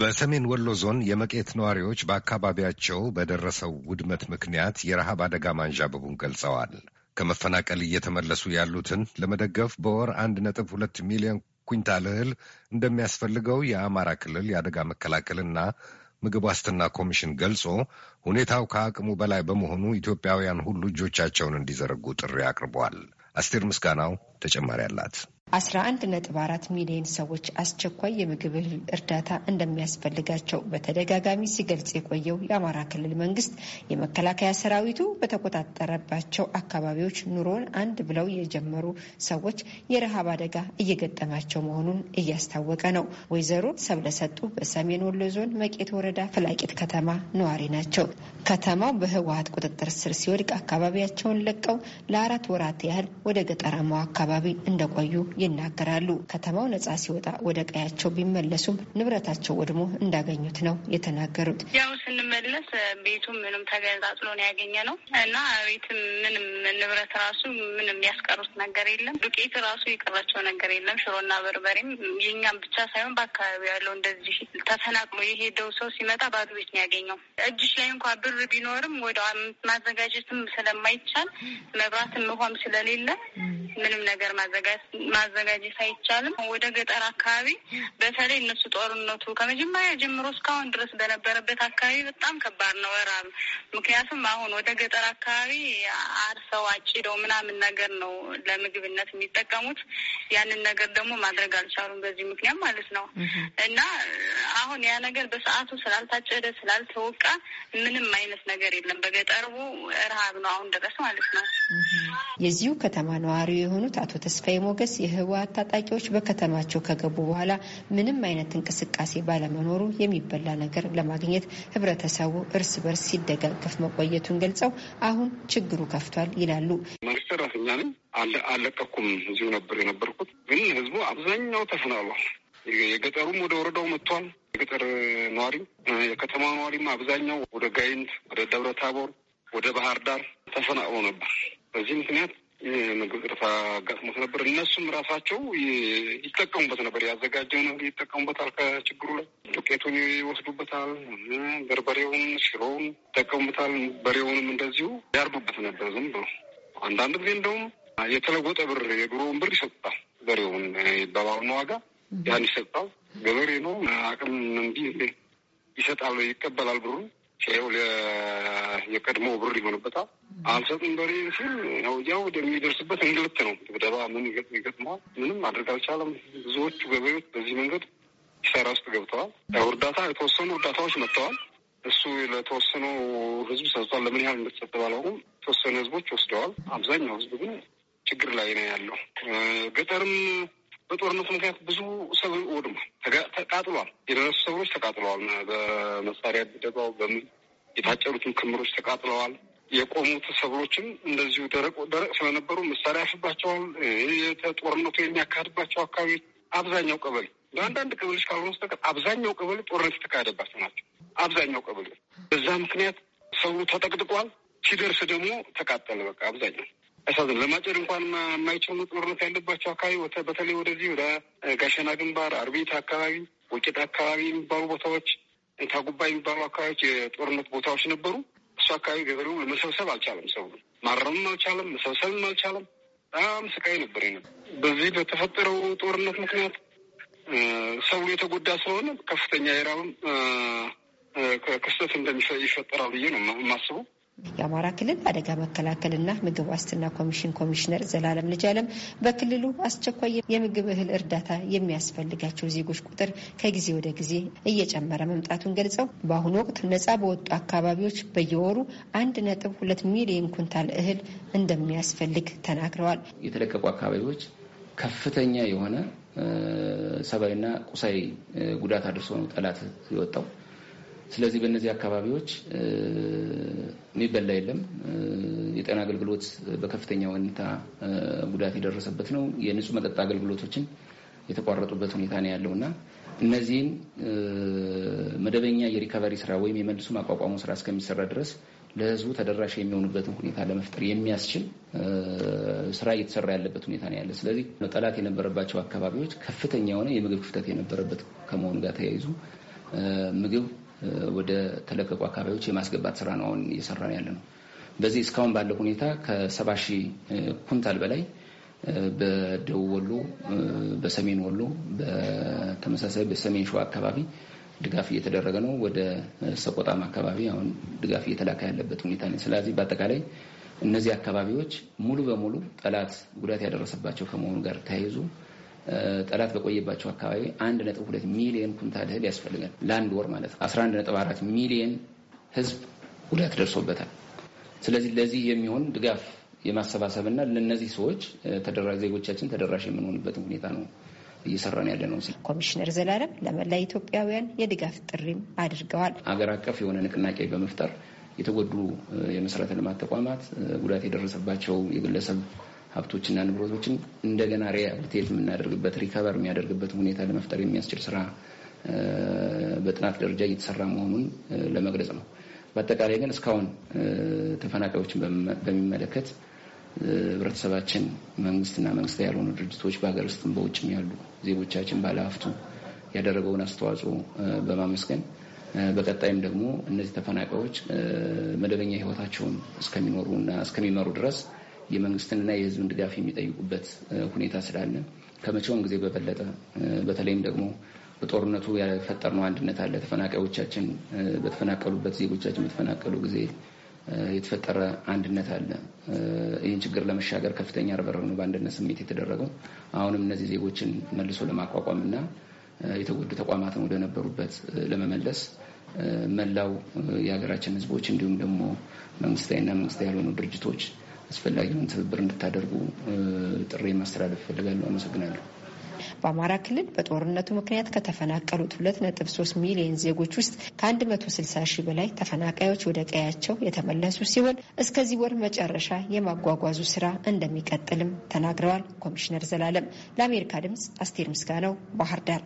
በሰሜን ወሎ ዞን የመቄት ነዋሪዎች በአካባቢያቸው በደረሰው ውድመት ምክንያት የረሃብ አደጋ ማንዣበቡን ገልጸዋል። ከመፈናቀል እየተመለሱ ያሉትን ለመደገፍ በወር አንድ ነጥብ ሁለት ሚሊዮን ኩንታል እህል እንደሚያስፈልገው የአማራ ክልል የአደጋ መከላከልና ምግብ ዋስትና ኮሚሽን ገልጾ ሁኔታው ከአቅሙ በላይ በመሆኑ ኢትዮጵያውያን ሁሉ እጆቻቸውን እንዲዘረጉ ጥሪ አቅርቧል። አስቴር ምስጋናው ተጨማሪ አላት። 11.4 ሚሊዮን ሰዎች አስቸኳይ የምግብ እህል እርዳታ እንደሚያስፈልጋቸው በተደጋጋሚ ሲገልጽ የቆየው የአማራ ክልል መንግስት የመከላከያ ሰራዊቱ በተቆጣጠረባቸው አካባቢዎች ኑሮን አንድ ብለው የጀመሩ ሰዎች የረሃብ አደጋ እየገጠማቸው መሆኑን እያስታወቀ ነው። ወይዘሮ ሰብለሰጡ በሰሜን ወሎ ዞን መቄት ወረዳ ፍላቂት ከተማ ነዋሪ ናቸው። ከተማው በህወሀት ቁጥጥር ስር ሲወድቅ አካባቢያቸውን ለቀው ለአራት ወራት ያህል ወደ ገጠራማው አካባቢ እንደቆዩ ይናገራሉ። ከተማው ነጻ ሲወጣ ወደ ቀያቸው ቢመለሱም ንብረታቸው ወድሞ እንዳገኙት ነው የተናገሩት። ያው ስንመለስ ቤቱ ምንም ተገነጣጥሎ ነው ያገኘ ነው እና ቤትም ምንም ንብረት ራሱ ምንም ያስቀሩት ነገር የለም። ዱቄት ራሱ የቀራቸው ነገር የለም። ሽሮና በርበሬም የኛም ብቻ ሳይሆን በአካባቢው ያለው እንደዚህ ተፈናቅሎ የሄደው ሰው ሲመጣ ባዶ ቤት ነው ያገኘው። እጅሽ ላይ እንኳ ብር ቢኖርም ወደ ማዘጋጀትም ስለማይቻል መብራትም ውሃም ስለሌለ ምንም ነገር ማዘጋጀት አይቻልም። ወደ ገጠር አካባቢ በተለይ እነሱ ጦርነቱ ከመጀመሪያ ጀምሮ እስካሁን ድረስ በነበረበት አካባቢ በጣም ከባድ ነው ወራብ። ምክንያቱም አሁን ወደ ገጠር አካባቢ አርሰው አጭደው ምናምን ነገር ነው ለምግብነት የሚጠቀሙት። ያንን ነገር ደግሞ ማድረግ አልቻሉም፣ በዚህ ምክንያት ማለት ነው እና አሁን ያ ነገር በሰዓቱ ስላልታጨደ ስላልተወቃ ምንም አይነት ነገር የለም። በገጠሩ ረሃብ ነው አሁን ድረስ ማለት ነው። የዚሁ ከተማ ነዋሪ የሆኑት አቶ ተስፋዬ ሞገስ የህወሀት ታጣቂዎች በከተማቸው ከገቡ በኋላ ምንም አይነት እንቅስቃሴ ባለመኖሩ የሚበላ ነገር ለማግኘት ህብረተሰቡ እርስ በርስ ሲደጋገፍ መቆየቱን ገልጸው አሁን ችግሩ ከፍቷል ይላሉ። መንግስት ሰራተኛ ነኝ አለቀኩም እዚሁ ነበር የነበርኩት፣ ግን ህዝቡ አብዛኛው ተፈናሏል። የገጠሩም ወደ ወረዳው መጥቷል። የገጠር ነዋሪ የከተማ ነዋሪም አብዛኛው ወደ ጋይንት፣ ወደ ደብረ ታቦር፣ ወደ ባህር ዳር ተፈናቅሎ ነበር። በዚህ ምክንያት ምግብ ቅርታ አጋጥሞት ነበር። እነሱም ራሳቸው ይጠቀሙበት ነበር። ያዘጋጀው ነገር ይጠቀሙበታል። ከችግሩ ላይ ዱቄቱን ይወስዱበታል፣ በርበሬውን፣ ሽሮውን ይጠቀሙበታል። በሬውንም እንደዚሁ ያርዱበት ነበር። ዝም ብሎ አንዳንድ ጊዜ እንደውም የተለወጠ ብር የድሮውን ብር ይሰጡታል። በሬውን ይባባሉ ዋጋ ያን ይሰጣል። ገበሬ ነው አቅም እንዲ ይሰጣል ይቀበላል ብሩ ሲው የቀድሞ ብር ይሆንበታል። አልሰጥም በሬ ሲል ያው የሚደርስበት እንግልት ነው። ድብደባ ምን ይገጥመዋል? ምንም ማድረግ አልቻለም። ብዙዎቹ ገበሬዎች በዚህ መንገድ ኪሳራ ውስጥ ገብተዋል። ያው እርዳታ የተወሰኑ እርዳታዎች መጥተዋል። እሱ ለተወሰኑ ህዝብ ሰጥቷል። ለምን ያህል እንደተሰጠ ባላውቅም የተወሰኑ ህዝቦች ወስደዋል። አብዛኛው ህዝብ ግን ችግር ላይ ነው ያለው። ገጠርም በጦርነቱ ምክንያት ብዙ ሰብል ወድሟል፣ ተቃጥሏል። የደረሱ ሰብሎች ተቃጥለዋል። በመሳሪያ ደባው በምን የታጨሩትም ክምሮች ተቃጥለዋል። የቆሙት ሰብሎችም እንደዚሁ ደረቅ ደረቅ ስለነበሩ መሳሪያ ያፍባቸዋል። ጦርነቱ የሚያካሄድባቸው አካባቢዎች አብዛኛው ቀበሌ በአንዳንድ ቀበሌዎች ካልሆነ በስተቀር አብዛኛው ቀበሌ ጦርነት የተካሄደባቸው ናቸው። አብዛኛው ቀበሌ በዛ ምክንያት ሰው ተጠቅጥቋል። ሲደርስ ደግሞ ተቃጠለ። በቃ አብዛኛው እሳት ለማጨድ እንኳን የማይችሉ ጦርነት ያለባቸው አካባቢ በተለይ ወደዚህ ወደ ጋሸና ግንባር፣ አርቢት አካባቢ፣ ወቄጥ አካባቢ የሚባሉ ቦታዎች፣ ታጉባ የሚባሉ አካባቢዎች የጦርነት ቦታዎች ነበሩ። እሱ አካባቢ ገበሬው መሰብሰብ አልቻለም። ሰው ማረምም አልቻለም፣ መሰብሰብም አልቻለም። በጣም ስቃይ ነበር በዚህ በተፈጠረው ጦርነት ምክንያት ሰው የተጎዳ ስለሆነ ከፍተኛ የራብም ክስተት እንደሚፈጠራል ብዬ ነው የማስበው። የአማራ ክልል አደጋ መከላከልና ምግብ ዋስትና ኮሚሽን ኮሚሽነር ዘላለም ልጃለም በክልሉ አስቸኳይ የምግብ እህል እርዳታ የሚያስፈልጋቸው ዜጎች ቁጥር ከጊዜ ወደ ጊዜ እየጨመረ መምጣቱን ገልጸው በአሁኑ ወቅት ነጻ በወጡ አካባቢዎች በየወሩ አንድ ነጥብ ሁለት ሚሊዮን ኩንታል እህል እንደሚያስፈልግ ተናግረዋል። የተለቀቁ አካባቢዎች ከፍተኛ የሆነ ሰብአዊና ቁሳዊ ጉዳት አድርሶ ነው ጠላት የወጣው። ስለዚህ በእነዚህ አካባቢዎች የሚበላ የለም። የጤና አገልግሎት በከፍተኛ ሁኔታ ጉዳት የደረሰበት ነው። የንጹህ መጠጥ አገልግሎቶችን የተቋረጡበት ሁኔታ ነው ያለው እና እነዚህን መደበኛ የሪካቨሪ ስራ ወይም የመልሶ ማቋቋሙ ስራ እስከሚሰራ ድረስ ለህዝቡ ተደራሽ የሚሆኑበትን ሁኔታ ለመፍጠር የሚያስችል ስራ እየተሰራ ያለበት ሁኔታ ነው ያለ። ስለዚህ ጠላት የነበረባቸው አካባቢዎች ከፍተኛ የሆነ የምግብ ክፍተት የነበረበት ከመሆኑ ጋር ተያይዞ ምግብ ወደ ተለቀቁ አካባቢዎች የማስገባት ስራ ነው አሁን እየሰራ ያለ ነው። በዚህ እስካሁን ባለው ሁኔታ ከሰባ ሺህ ኩንታል በላይ በደቡብ ወሎ፣ በሰሜን ወሎ፣ በተመሳሳይ በሰሜን ሸዋ አካባቢ ድጋፍ እየተደረገ ነው። ወደ ሰቆጣም አካባቢ አሁን ድጋፍ እየተላካ ያለበት ሁኔታ ነው። ስለዚህ በአጠቃላይ እነዚህ አካባቢዎች ሙሉ በሙሉ ጠላት ጉዳት ያደረሰባቸው ከመሆኑ ጋር ተያይዞ ጠላት በቆየባቸው አካባቢ 1.2 ሚሊዮን ኩንታል እህል ያስፈልጋል። ለአንድ ወር ማለት ነው። 11.4 ሚሊዮን ህዝብ ጉዳት ደርሶበታል። ስለዚህ ለዚህ የሚሆን ድጋፍ እና ለእነዚህ ሰዎች ተደራሽ ዜጎቻችን ተደራሽ የምንሆንበትን ሁኔታ ነው እየሰራን ያለ ነው። ኮሚሽነር ዘላለም ለመላ ኢትዮጵያውያን የድጋፍ ጥሪም አድርገዋል። አገር አቀፍ የሆነ ንቅናቄ በመፍጠር የተጎዱ የመሰረተ ልማት ተቋማት፣ ጉዳት የደረሰባቸው የግለሰብ ሀብቶችና ንብረቶችን እንደገና ሪሃብሊቴት የምናደርግበት ሪከቨር የሚያደርግበት ሁኔታ ለመፍጠር የሚያስችል ስራ በጥናት ደረጃ እየተሰራ መሆኑን ለመግለጽ ነው። በአጠቃላይ ግን እስካሁን ተፈናቃዮችን በሚመለከት ህብረተሰባችን፣ መንግስትና መንግስት ያልሆኑ ድርጅቶች በሀገር ውስጥም በውጭም ያሉ ዜጎቻችን፣ ባለሀብቱ ያደረገውን አስተዋጽኦ በማመስገን በቀጣይም ደግሞ እነዚህ ተፈናቃዮች መደበኛ ህይወታቸውን እስከሚኖሩ እና እስከሚመሩ ድረስ የመንግስትንና የህዝብን ድጋፍ የሚጠይቁበት ሁኔታ ስላለ ከመቼውም ጊዜ በበለጠ በተለይም ደግሞ በጦርነቱ ያልፈጠርነው አንድነት አለ። ተፈናቃዮቻችን በተፈናቀሉበት ዜጎቻችን በተፈናቀሉ ጊዜ የተፈጠረ አንድነት አለ። ይህን ችግር ለመሻገር ከፍተኛ ርብርብ ነው በአንድነት ስሜት የተደረገው። አሁንም እነዚህ ዜጎችን መልሶ ለማቋቋም እና የተጎዱ ተቋማትን ወደነበሩበት ለመመለስ መላው የሀገራችን ህዝቦች እንዲሁም ደግሞ መንግስታዊና መንግስታዊ ያልሆኑ ድርጅቶች አስፈላጊውን ትብብር እንድታደርጉ ጥሪ ማስተላለፍ እፈልጋለሁ። አመሰግናለሁ። በአማራ ክልል በጦርነቱ ምክንያት ከተፈናቀሉት ሁለት ነጥብ ሶስት ሚሊዮን ዜጎች ውስጥ መቶ ስልሳ ሺህ በላይ ተፈናቃዮች ወደ ቀያቸው የተመለሱ ሲሆን እስከዚህ ወር መጨረሻ የማጓጓዙ ስራ እንደሚቀጥልም ተናግረዋል ኮሚሽነር ዘላለም። ለአሜሪካ ድምፅ አስቴር ምስጋናው ባህር ዳር